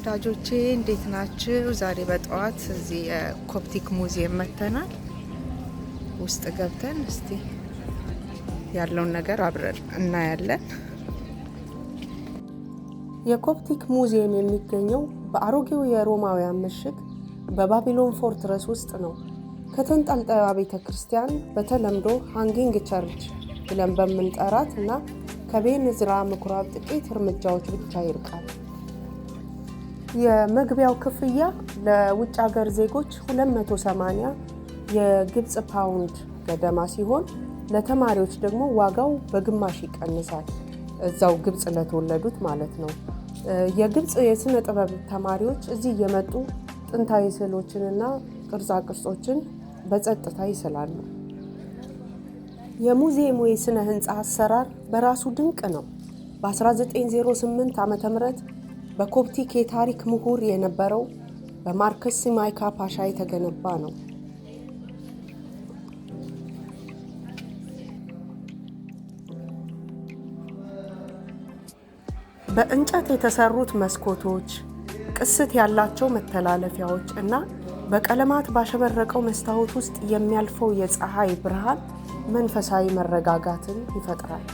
ወዳጆቼ እንዴት ናችሁ? ዛሬ በጠዋት እዚህ የኮፕቲክ ሙዚየም መጥተናል። ውስጥ ገብተን እስቲ ያለውን ነገር አብረን እናያለን። የኮፕቲክ ሙዚየም የሚገኘው በአሮጌው የሮማውያን ምሽግ በባቢሎን ፎርትረስ ውስጥ ነው። ከተንጠልጣዩ ቤተ ክርስቲያን በተለምዶ ሃንጊንግ ቸርች ብለን በምንጠራት እና ከቤንዝራ ምኩራብ ጥቂት እርምጃዎች ብቻ ይርቃል። የመግቢያው ክፍያ ለውጭ ሀገር ዜጎች 280 የግብፅ ፓውንድ ገደማ ሲሆን ለተማሪዎች ደግሞ ዋጋው በግማሽ ይቀንሳል። እዛው ግብፅ ለተወለዱት ማለት ነው። የግብፅ የስነ ጥበብ ተማሪዎች እዚህ እየመጡ ጥንታዊ ስዕሎችንና ቅርጻ ቅርጾችን በጸጥታ ይስላሉ። የሙዚየሙ የስነ ህንፃ አሰራር በራሱ ድንቅ ነው። በ1908 ም በኮፕቲክ የታሪክ ምሁር የነበረው በማርከስ ማይካ ፓሻ የተገነባ ነው። በእንጨት የተሰሩት መስኮቶች፣ ቅስት ያላቸው መተላለፊያዎች እና በቀለማት ባሸበረቀው መስታወት ውስጥ የሚያልፈው የፀሐይ ብርሃን መንፈሳዊ መረጋጋትን ይፈጥራል።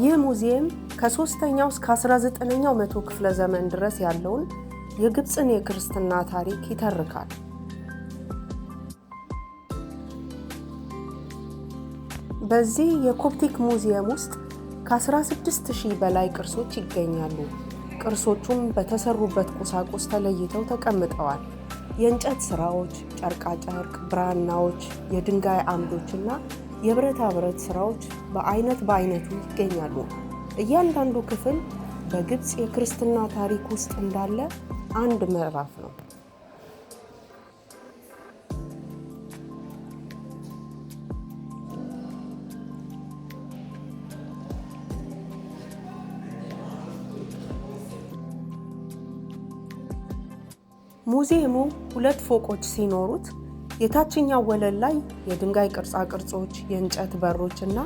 ይህ ሙዚየም ከሶስተኛው እስከ 19ኛው መቶ ክፍለ ዘመን ድረስ ያለውን የግብፅን የክርስትና ታሪክ ይተርካል። በዚህ የኮፕቲክ ሙዚየም ውስጥ ከ16000 በላይ ቅርሶች ይገኛሉ። ቅርሶቹም በተሰሩበት ቁሳቁስ ተለይተው ተቀምጠዋል። የእንጨት ስራዎች፣ ጨርቃጨርቅ፣ ብራናዎች፣ የድንጋይ አምዶችና የብረታ ብረት ስራዎች በአይነት በአይነቱ ይገኛሉ። እያንዳንዱ ክፍል በግብፅ የክርስትና ታሪክ ውስጥ እንዳለ አንድ ምዕራፍ ነው። ሙዚየሙ ሁለት ፎቆች ሲኖሩት የታችኛው ወለል ላይ የድንጋይ ቅርጻ ቅርጾች፣ የእንጨት በሮች እና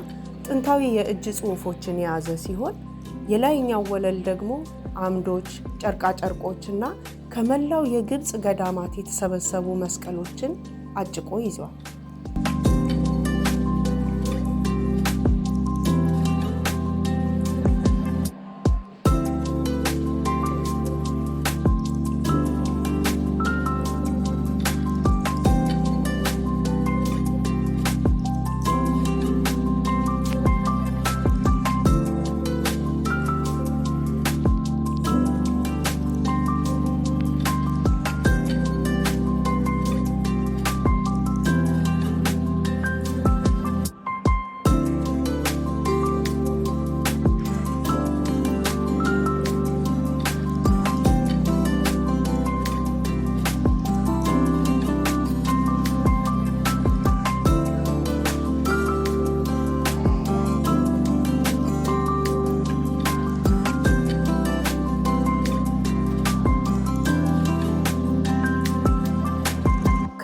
ጥንታዊ የእጅ ጽሑፎችን የያዘ ሲሆን የላይኛው ወለል ደግሞ አምዶች፣ ጨርቃ ጨርቆች እና ከመላው የግብፅ ገዳማት የተሰበሰቡ መስቀሎችን አጭቆ ይዟል።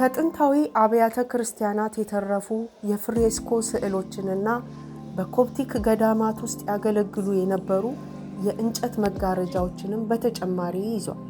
ከጥንታዊ አብያተ ክርስቲያናት የተረፉ የፍሬስኮ ስዕሎችንና በኮፕቲክ ገዳማት ውስጥ ያገለግሉ የነበሩ የእንጨት መጋረጃዎችንም በተጨማሪ ይዟል።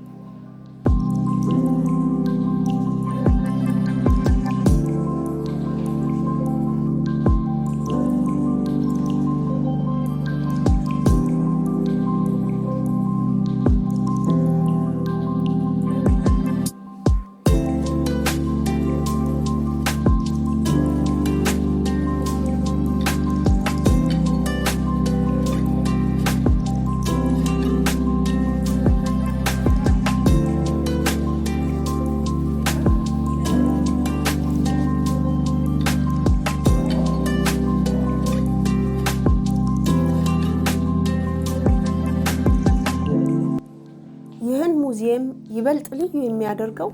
ሙዚየም ይበልጥ ልዩ የሚያደርገው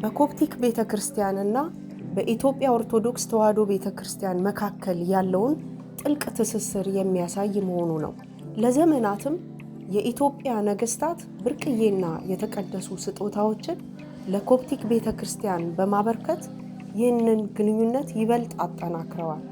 በኮፕቲክ ቤተ ና በኢትዮጵያ ኦርቶዶክስ ተዋሕዶ ቤተ ክርስቲያን መካከል ያለውን ጥልቅ ትስስር የሚያሳይ መሆኑ ነው። ለዘመናትም የኢትዮጵያ ነገስታት ብርቅዬና የተቀደሱ ስጦታዎችን ለኮፕቲክ ቤተ ክርስቲያን በማበርከት ይህንን ግንኙነት ይበልጥ አጠናክረዋል።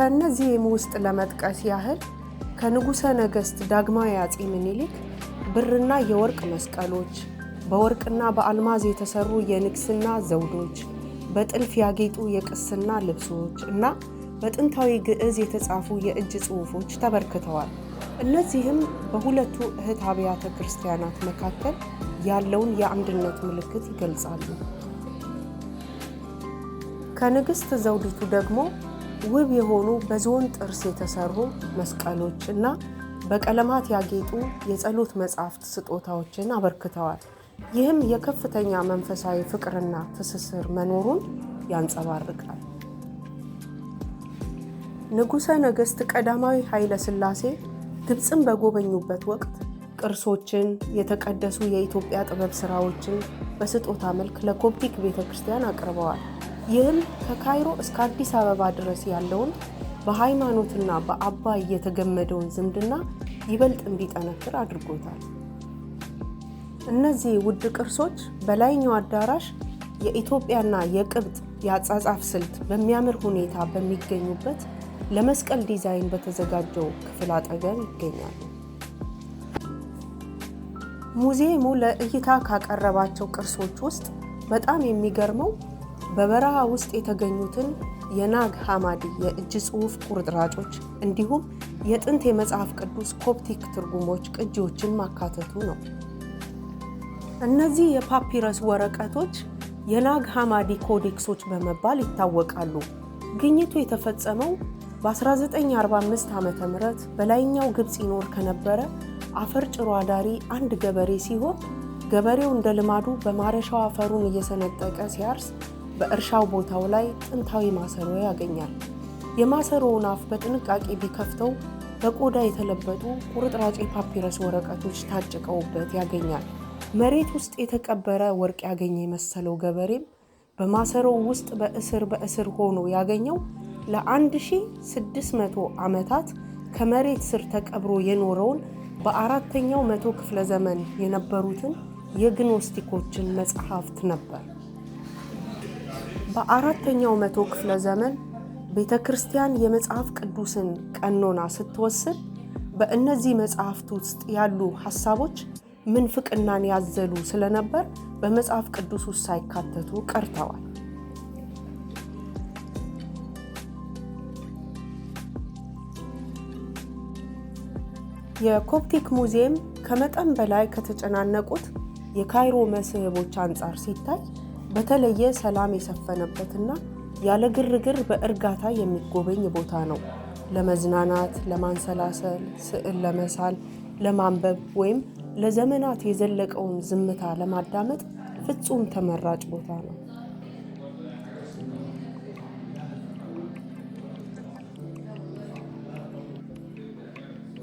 ከእነዚህም ውስጥ ለመጥቀስ ያህል ከንጉሠ ነገሥት ዳግማዊ አጼ ምኒልክ ብርና የወርቅ መስቀሎች፣ በወርቅና በአልማዝ የተሰሩ የንግስና ዘውዶች፣ በጥልፍ ያጌጡ የቅስና ልብሶች እና በጥንታዊ ግዕዝ የተጻፉ የእጅ ጽሑፎች ተበርክተዋል። እነዚህም በሁለቱ እህት አብያተ ክርስቲያናት መካከል ያለውን የአንድነት ምልክት ይገልጻሉ። ከንግሥት ዘውዲቱ ደግሞ ውብ የሆኑ በዝሆን ጥርስ የተሰሩ መስቀሎች እና በቀለማት ያጌጡ የጸሎት መጻሕፍት ስጦታዎችን አበርክተዋል። ይህም የከፍተኛ መንፈሳዊ ፍቅርና ትስስር መኖሩን ያንጸባርቃል። ንጉሠ ነገሥት ቀዳማዊ ኃይለ ሥላሴ ግብፅን በጎበኙበት ወቅት ቅርሶችን፣ የተቀደሱ የኢትዮጵያ ጥበብ ሥራዎችን በስጦታ መልክ ለኮፕቲክ ቤተ ክርስቲያን አቅርበዋል። ይህም ከካይሮ እስከ አዲስ አበባ ድረስ ያለውን በሃይማኖትና በአባይ የተገመደውን ዝምድና ይበልጥ እንዲጠነክር አድርጎታል። እነዚህ ውድ ቅርሶች በላይኛው አዳራሽ የኢትዮጵያና የቅብጥ የአጻጻፍ ስልት በሚያምር ሁኔታ በሚገኙበት ለመስቀል ዲዛይን በተዘጋጀው ክፍል አጠገብ ይገኛሉ። ሙዚየሙ ለእይታ ካቀረባቸው ቅርሶች ውስጥ በጣም የሚገርመው በበረሃ ውስጥ የተገኙትን የናግ ሃማዲ የእጅ ጽሑፍ ቁርጥራጮች እንዲሁም የጥንት የመጽሐፍ ቅዱስ ኮፕቲክ ትርጉሞች ቅጂዎችን ማካተቱ ነው። እነዚህ የፓፒረስ ወረቀቶች የናግ ሃማዲ ኮዴክሶች በመባል ይታወቃሉ። ግኝቱ የተፈጸመው በ1945 ዓ ም በላይኛው ግብፅ ይኖር ከነበረ አፈር ጭሮ አዳሪ አንድ ገበሬ ሲሆን ገበሬው እንደ ልማዱ በማረሻው አፈሩን እየሰነጠቀ ሲያርስ በእርሻው ቦታው ላይ ጥንታዊ ማሰሮ ያገኛል። የማሰሮውን አፍ በጥንቃቄ ቢከፍተው በቆዳ የተለበጡ ቁርጥራጭ የፓፒረስ ወረቀቶች ታጭቀውበት ያገኛል። መሬት ውስጥ የተቀበረ ወርቅ ያገኘ የመሰለው ገበሬም በማሰሮው ውስጥ በእስር በእስር ሆኖ ያገኘው ለ1600 ዓመታት ከመሬት ስር ተቀብሮ የኖረውን በአራተኛው መቶ ክፍለ ዘመን የነበሩትን የግኖስቲኮችን መጽሐፍት ነበር። በአራተኛው መቶ ክፍለ ዘመን ቤተ ክርስቲያን የመጽሐፍ ቅዱስን ቀኖና ስትወስን በእነዚህ መጽሐፍት ውስጥ ያሉ ሀሳቦች ምንፍቅናን ያዘሉ ስለነበር በመጽሐፍ ቅዱስ ውስጥ ሳይካተቱ ቀርተዋል። የኮፕቲክ ሙዚየም ከመጠን በላይ ከተጨናነቁት የካይሮ መስህቦች አንጻር ሲታይ በተለየ ሰላም የሰፈነበትና ያለ ግርግር በእርጋታ የሚጎበኝ ቦታ ነው። ለመዝናናት፣ ለማንሰላሰል፣ ስዕል ለመሳል፣ ለማንበብ ወይም ለዘመናት የዘለቀውን ዝምታ ለማዳመጥ ፍጹም ተመራጭ ቦታ ነው።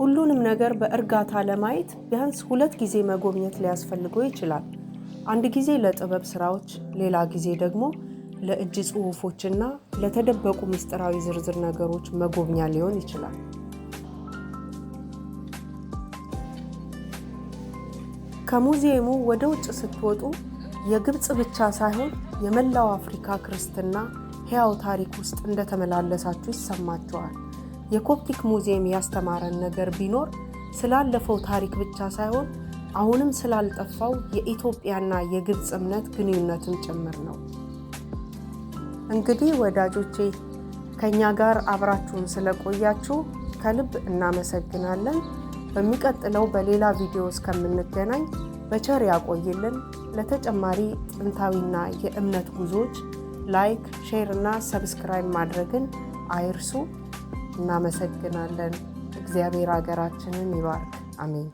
ሁሉንም ነገር በእርጋታ ለማየት ቢያንስ ሁለት ጊዜ መጎብኘት ሊያስፈልገው ይችላል። አንድ ጊዜ ለጥበብ ስራዎች፣ ሌላ ጊዜ ደግሞ ለእጅ ጽሑፎችና ለተደበቁ ምስጢራዊ ዝርዝር ነገሮች መጎብኛ ሊሆን ይችላል። ከሙዚየሙ ወደ ውጭ ስትወጡ የግብፅ ብቻ ሳይሆን የመላው አፍሪካ ክርስትና ሕያው ታሪክ ውስጥ እንደተመላለሳችሁ ይሰማችኋል። የኮፕቲክ ሙዚየም ያስተማረን ነገር ቢኖር ስላለፈው ታሪክ ብቻ ሳይሆን አሁንም ስላልጠፋው የኢትዮጵያና የግብፅ እምነት ግንኙነትን ጭምር ነው። እንግዲህ ወዳጆቼ ከእኛ ጋር አብራችሁን ስለቆያችሁ ከልብ እናመሰግናለን። በሚቀጥለው በሌላ ቪዲዮ እስከምንገናኝ በቸር ያቆይልን። ለተጨማሪ ጥንታዊና የእምነት ጉዞዎች ላይክ፣ ሼር እና ሰብስክራይብ ማድረግን አይርሱ። እናመሰግናለን። እግዚአብሔር ሀገራችንን ይባርክ። አሜን።